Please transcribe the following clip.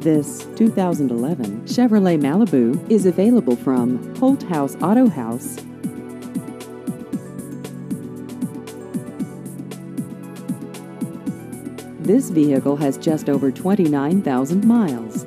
This 2011 Chevrolet Malibu is available from Holt House Auto House. This vehicle has just over 29,000 miles.